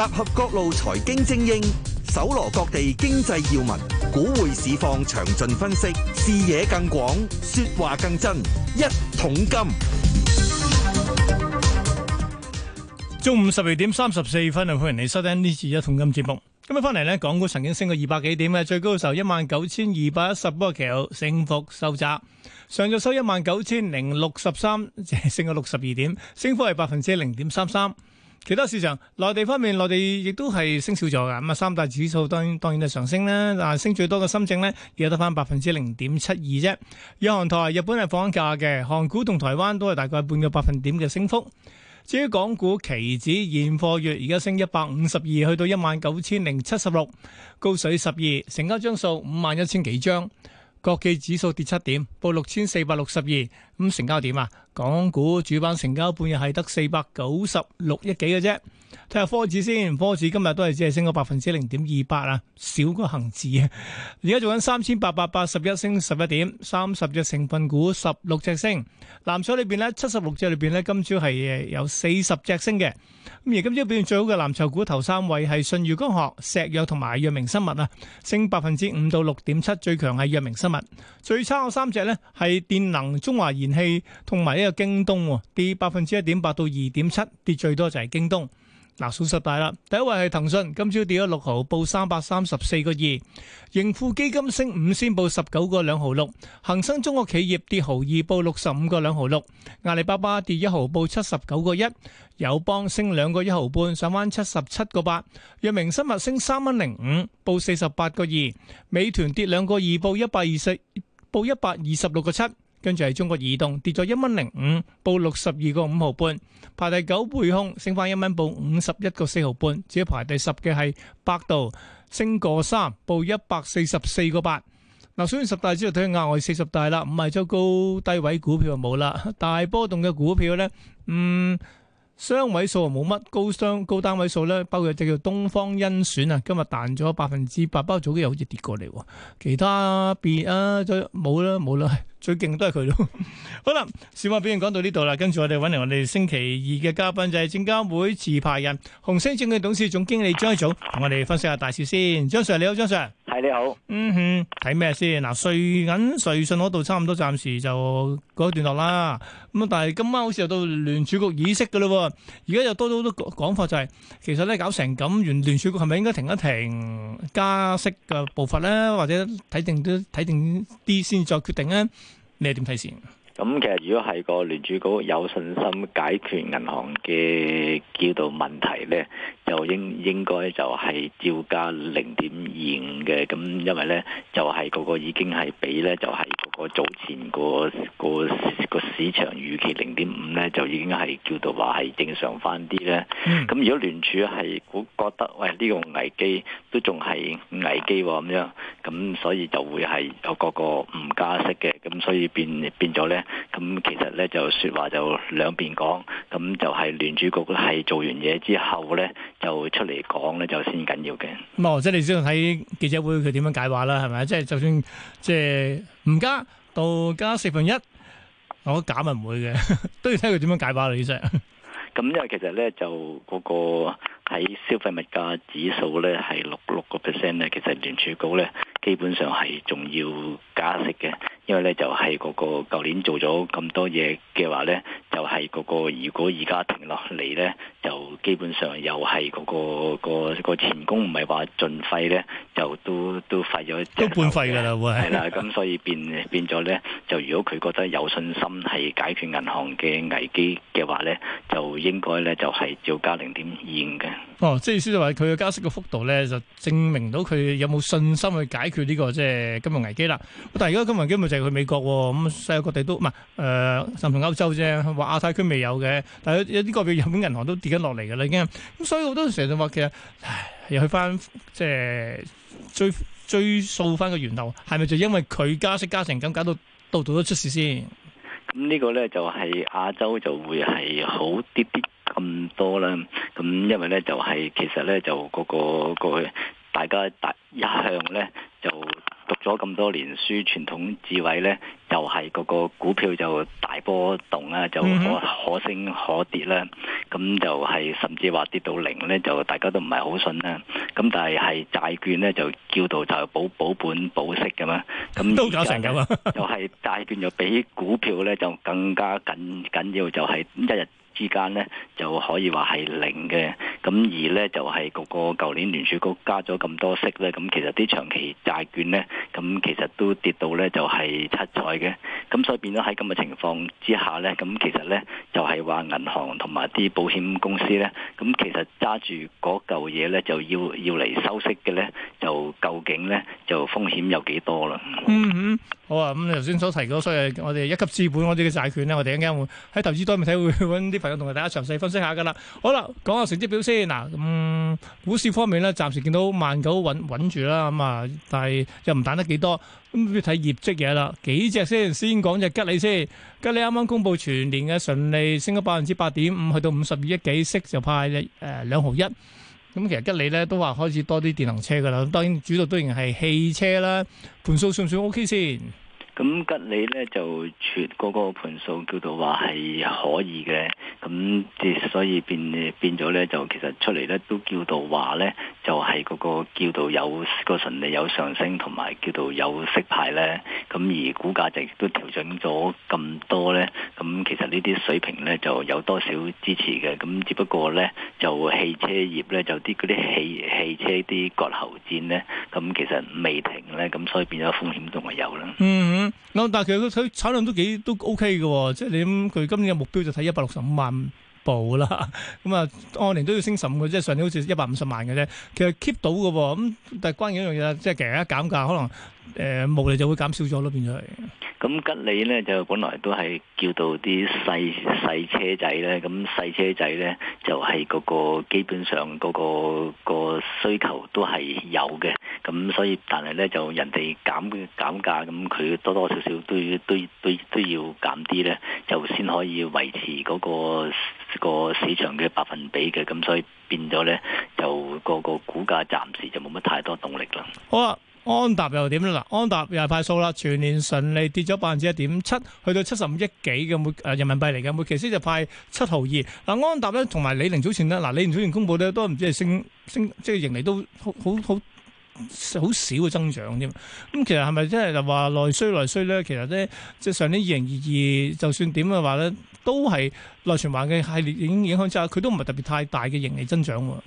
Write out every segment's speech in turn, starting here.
集合各路財經精英，搜羅各地經濟要聞，股匯市況詳盡分析，視野更廣，說話更真。一桶金，中午十二點三十四分啊！歡迎你收聽呢次一桶金節目。今日翻嚟咧，港股曾經升過二百幾點啊，最高嘅時候一萬九千二百一十波，其後升幅收窄，上晝收一萬九千零六十三，即係升過六十二點，升幅係百分之零點三三。其他市場，內地方面，內地亦都係升少咗噶。咁啊，三大指數當然當然係上升啦，但係升最多嘅深證呢，而家得翻百分之零點七二啫。日韓台，日本係放緊假嘅，韓股同台灣都係大概半個百分點嘅升幅。至於港股期指現貨月而家升一百五十二，去到一萬九千零七十六，高水十二，成交張數五萬一千幾張。國企指數跌七點，報六千四百六十二。咁成交點啊？港股主板成交半日係得四百九十六億幾嘅啫。睇下科指先，科指今日都係只係升咗百分之零點二八啊，少過恒指啊。而家做緊三千八百八十一升十一點，三十隻成分股十六隻升。藍籌裏邊咧，七十六隻裏邊咧，今朝係誒有四十隻升嘅。咁而今朝表現最好嘅藍籌股頭三位係信譽光學、石藥同埋藥明生物啊，升百分之五到六點七，最強係藥明生物。最差嘅三隻咧係電能、中華燃氣同埋一個京東跌百分之一點八到二點七，跌最多就係京東。嗱，數十大啦！第一位係騰訊，今朝跌咗六毫，報三百三十四個二。盈富基金升五仙，報十九個兩毫六。恒生中國企業跌毫二，報六十五個兩毫六。阿里巴巴跌一毫，報七十九個一。友邦升兩個一毫半，上翻七十七個八。藥明生物升三蚊零五，報四十八個二。美團跌兩個二，報一百二十報一百二十六個七。跟住係中國移動跌咗一蚊零五，報六十二個五毫半，排第九背空，升翻一蚊，報五十一個四毫半。至於排第十嘅係百度，升過三，報一百四十四個八。嗱，所以十大之後睇下額外四十大啦，五十周高低位股票就冇啦，大波動嘅股票咧，嗯，雙位數啊冇乜，高雙高單位數咧，包括就叫東方甄選啊，今日彈咗百分之八，不過早幾日好似跌過嚟喎，其他別啊冇啦冇啦。最勁都係佢咯。 好啦，小馬表演講到呢度啦，跟住我哋搵嚟我哋星期二嘅嘉賓就係證監會持牌人、紅星證券董事總經理張益祖同我哋分析下大事先。張 sir 你好，張 sir 係你好。嗯哼，睇咩先？嗱，瑞銀、瑞信嗰度差唔多，暫時就嗰段落啦。咁、嗯、啊，但係今晚好似又到聯儲局議息噶啦。而家又多咗好多講法、就是，就係其實咧搞成咁，原聯聯儲局係咪應該停一停加息嘅步伐咧？或者睇定啲睇定啲先再決定咧？你點睇先？咁其實如果係個聯儲局有信心解決銀行嘅叫做問題咧，就應應該就係照加零點二五嘅。咁因為咧就係、是、個個已經係畀咧就係個個早前個個個，個市場預期零點五咧，就已經係叫做話係正常翻啲咧。咁、嗯、如果聯儲係估覺得喂呢個危機都仲係危機咁樣，咁所以就會係有個個唔加息嘅。咁所以變變咗咧，咁其實咧就說話就兩邊講，咁就係聯儲局係做完嘢之後咧，就出嚟講咧就先緊要嘅。咁或者你主要睇記者會佢點樣解話啦，係咪即係就算即係唔加到加四分一，我覺得假咪唔會嘅， 都要睇佢點樣解話啦，先咁、嗯、因為其實咧就嗰、那個。喺消費物價指數咧係六六個 percent 咧，其實聯儲局咧基本上係仲要加息嘅，因為咧就係、是、嗰個舊年做咗咁多嘢嘅話咧，就係、是、嗰、嗰個如果而家停落嚟咧，就基本上又係嗰、嗰個個前功唔係話盡廢咧，就都都，都費咗即半廢㗎啦，會係啦，咁 所以變變咗咧，就如果佢覺得有信心係解決銀行嘅危機嘅話咧，就應該咧就係、是、要加零點二五嘅。哦，即係意思就話佢嘅加息嘅幅度咧，就證明到佢有冇信心去解決呢、這個即係金融危機啦。但係而家金融危機咪就係去美國咁，世界各地都唔係誒，甚至歐洲啫，話亞太區未有嘅，但係有啲個別日本銀行都跌緊落嚟噶啦已經。咁所以好多時都成日話其實，唉又去翻即係追追，追溯翻個源頭，係咪就因為佢加息加成咁搞到度度都出事先？咁呢個咧就係、是、亞洲就會係好啲啲多啦，咁因為咧就係其實咧就嗰個個大家大一向咧就讀咗咁多年書，傳統智慧咧就係嗰個股票就大波動啊，就可可升可跌啦，咁就係甚至話跌到零咧，就大家都唔係好信啦。咁但係係債券咧就叫到就保保本保息咁樣，咁都搞成咁啊，又係債券就比股票咧就更加緊緊要，就係、是、一日。之間呢，就可以話係零嘅。咁而咧就係個個舊年聯儲局加咗咁多息咧，咁其實啲長期債券咧，咁其實都跌到咧就係七彩嘅，咁所以變咗喺咁嘅情況之下咧，咁其實咧就係話銀行同埋啲保險公司咧，咁其實揸住嗰嚿嘢咧就要要嚟收息嘅咧，就究竟咧就風險有幾多啦？嗯哼，好啊，咁你頭先所提嗰啲，所以我哋一級資本我哋嘅債券咧，我哋一間會喺投資多媒體會揾啲朋友同埋大家詳細分析下噶啦。好啦，講下成績表。嗱，咁、啊嗯、股市方面咧，暫時見到萬九穩穩住啦，咁啊，但係又唔彈得幾多，咁要睇業績嘢啦。幾隻先先講隻吉利先，吉利啱啱公布全年嘅純利升咗百分之八點五，去到五十二億幾，息就派你誒兩毫一。咁、嗯、其實吉利咧都話開始多啲電能車噶啦，咁當然主要都仍然係汽車啦，盤數算唔算 O、OK、K 先？咁吉利咧就全嗰個盤數叫做話係可以嘅，咁即所以變變咗咧就其實出嚟咧都叫做話咧就係、是、嗰個叫做有個純利有上升同埋叫做有息派咧，咁而股價值都調整咗咁多咧，咁其實呢啲水平咧就有多少支持嘅，咁只不過咧就汽車業咧就啲嗰啲汽汽車啲割喉戰咧，咁其實未停咧，咁所以變咗風險仲係有啦。Mm hmm. 咁但係其實佢產量都幾都 OK 嘅，即係你諗佢今年嘅目標就睇一百六十五萬。冇啦，咁啊按年都要升十五個，即係上年好似一百五十萬嘅啫。其實 keep 到嘅喎，咁但係關鍵一樣嘢啦，即係其實一減價，可能誒毛利就會減少咗咯，變咗係。咁吉利咧就本來都係叫到啲細細車仔咧，咁細車仔咧就係嗰個基本上嗰個個需求都係有嘅，咁所以但係咧就人哋減減價，咁佢多多少少都要都都都要減啲咧，就先可以維持嗰個。個市場嘅百分比嘅，咁所以變咗咧，就個個股價暫時就冇乜太多動力啦。好啊，安踏又點咧？嗱，安踏又係派數啦，全年純利跌咗百分之一點七，去到七十五億幾嘅每誒人民幣嚟嘅，每期先就派七毫二。嗱，安踏咧同埋李寧早前咧，嗱李寧早前公布咧都唔知係升升，即係盈利都好好好。好少嘅增長啫，咁其實係咪真係就話內需內需咧？其實咧，即係上年二零二二就算點嘅話咧，都係內循環嘅系列影影響之下，佢都唔係特別太大嘅盈利增長啊。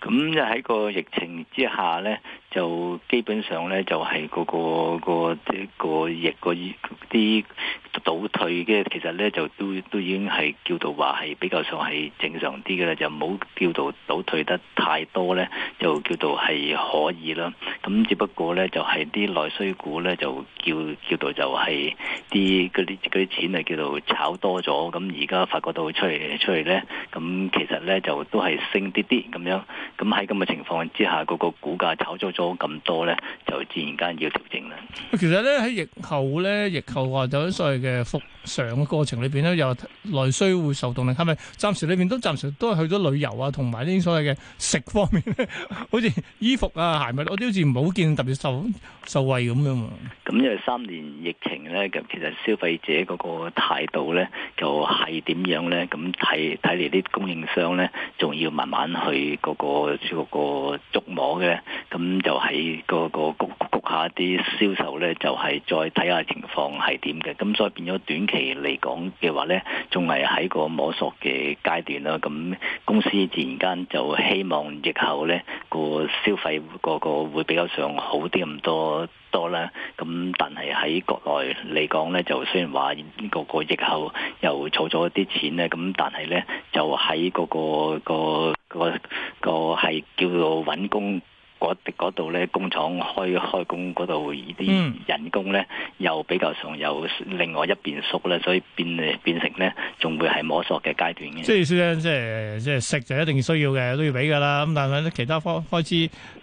咁就喺個疫情之下咧。就基本上咧，就係、是、嗰、那個、那個即、那個逆、那個啲、那個那個那個、倒退嘅，其實咧就都都已經係叫做話係比較上係正常啲嘅啦，就唔好叫做倒退得太多咧，就叫做係可以啦。咁只不過咧，就係、是、啲內需股咧，就叫叫做就係啲嗰啲啲錢係叫做炒多咗。咁而家發覺到出嚟出嚟咧，咁其實咧就都係升啲啲咁樣。咁喺咁嘅情況之下，嗰、那個股價炒咗。冇咁多咧，就自然間要調整啦。其實咧喺疫後咧，疫後話就所謂嘅復常嘅過程裏邊咧，又內需會受動力，係咪？暫時裏邊都暫時都係去咗旅遊啊，同埋呢啲所謂嘅食方面咧，好似衣服啊、鞋襪，我都好似唔好見特別受受惠咁樣。咁因為三年疫情咧，咁其實消費者嗰個態度咧，就係點樣咧？咁睇睇嚟啲供應商咧，仲要慢慢去嗰個嗰個捉摸嘅，咁。就喺嗰個谷下啲銷售咧，就係、是、再睇下情況係點嘅。咁所以變咗短期嚟講嘅話咧，仲係喺個摸索嘅階段啦。咁公司自然間就希望疫後咧、嗰個消費嗰個會比較上好啲咁多多啦。咁但係喺國內嚟講咧，就雖然話個個疫後又儲咗啲錢咧，咁但係咧就喺嗰、嗰個、嗰個、嗰個、嗰個係叫做揾工。嗰啲嗰度咧，工廠開開工嗰度依啲人工咧，又比較鬆，又另外一邊縮咧，所以變誒變成咧，仲會係摸索嘅階段嘅。即係説咧，即係即係食就一定需要嘅，都要俾噶啦。咁但係咧，其他開開支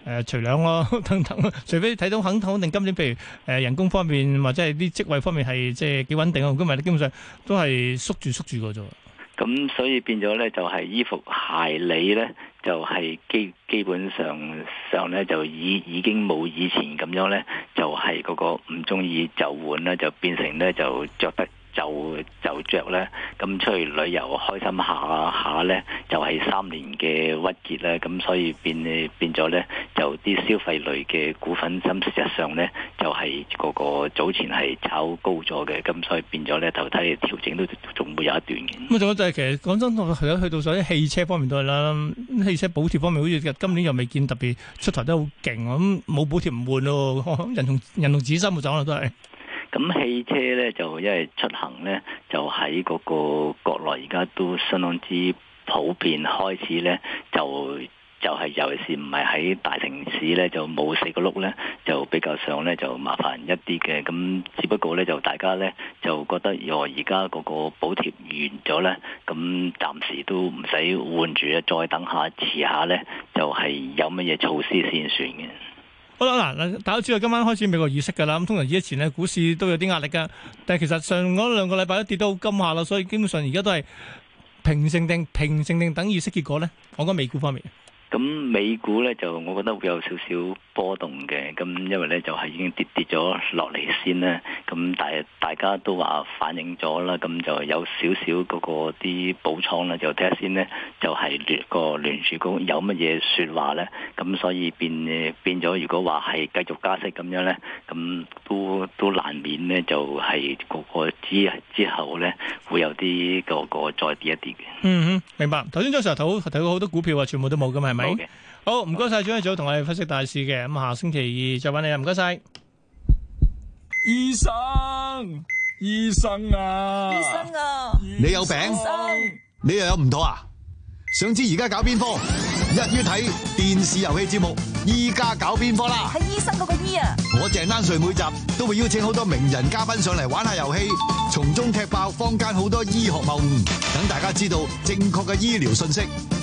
誒，除糧咯等等咯。除非睇到肯肯定今年，譬如誒人工方面或者係啲職位方面係即係幾穩定啊，咁咪咧基本上都係縮住縮住個啫。咁所以變咗咧，就係衣服鞋履咧，就係基基本上上咧，就已已經冇以前咁樣咧，就係嗰個唔中意就換啦，就變成咧就着得。着咧，咁出去旅遊，開心下下咧，就係三年嘅鬱結咧，咁所以變變咗咧，就啲消費類嘅股份，真事實上咧，就係個個早前係炒高咗嘅，咁所以變咗咧，頭睇調整都仲會有一段嘅。咁啊，仲有就係其實講真，我係去到所啲汽車方面都係啦，汽車補貼方面，好似今年又未見特別出台得好勁，咁冇補貼唔換咯，人同人同自己生活走啦，都係。咁汽車呢，就因為出行呢，就喺嗰個國內而家都相當之普遍，開始呢就就係尤其是唔係喺大城市呢就冇四個轆呢就比較上呢就麻煩一啲嘅。咁只不過呢，就大家呢就覺得哦，而家嗰個補貼完咗呢，咁暫時都唔使換住啊，再等下遲下呢，就係有乜嘢措施先算嘅。好啦，嗱，大家知道今晚開始美國議息嘅啦，咁通常以前咧股市都有啲壓力嘅，但係其實上嗰兩個禮拜都跌到金下啦，所以基本上而家都係平靜定平靜定等議息結果咧，我覺得美股方面。咁美股咧就，我覺得會有少少波動嘅。咁因為咧就係、是、已經跌跌咗落嚟先啦。咁大大家都話反映咗啦，咁就有少少嗰個啲補倉咧，就睇下先咧，就係、是、聯個聯儲局有乜嘢説話咧，咁所以變變咗，如果話係繼續加息咁樣咧，咁都都難免咧就係、是、個個之之後咧會有啲個個再跌一跌嘅、嗯。嗯哼，明白。頭先張 Sir 睇過睇過好多股票啊，全部都冇嘅，係咪？好，Okay. 好唔該晒，早一早同我哋分析大市嘅。咁下星期二再搵你啊，唔該晒。醫生，醫生啊，醫生啊，你有病，醫生，你又有唔妥啊？想知而家搞邊科？一於睇電視遊戲節目，依家搞邊科啦？係醫生嗰個醫啊？我鄭丹瑞每集都會邀請好多名人嘉賓上嚟玩下遊戲，從中踢爆坊間好多醫學謬誤，等大家知道正確嘅醫療信息。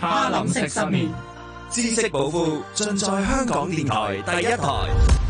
哈林食失眠，知識寶庫盡在香港電台第一台。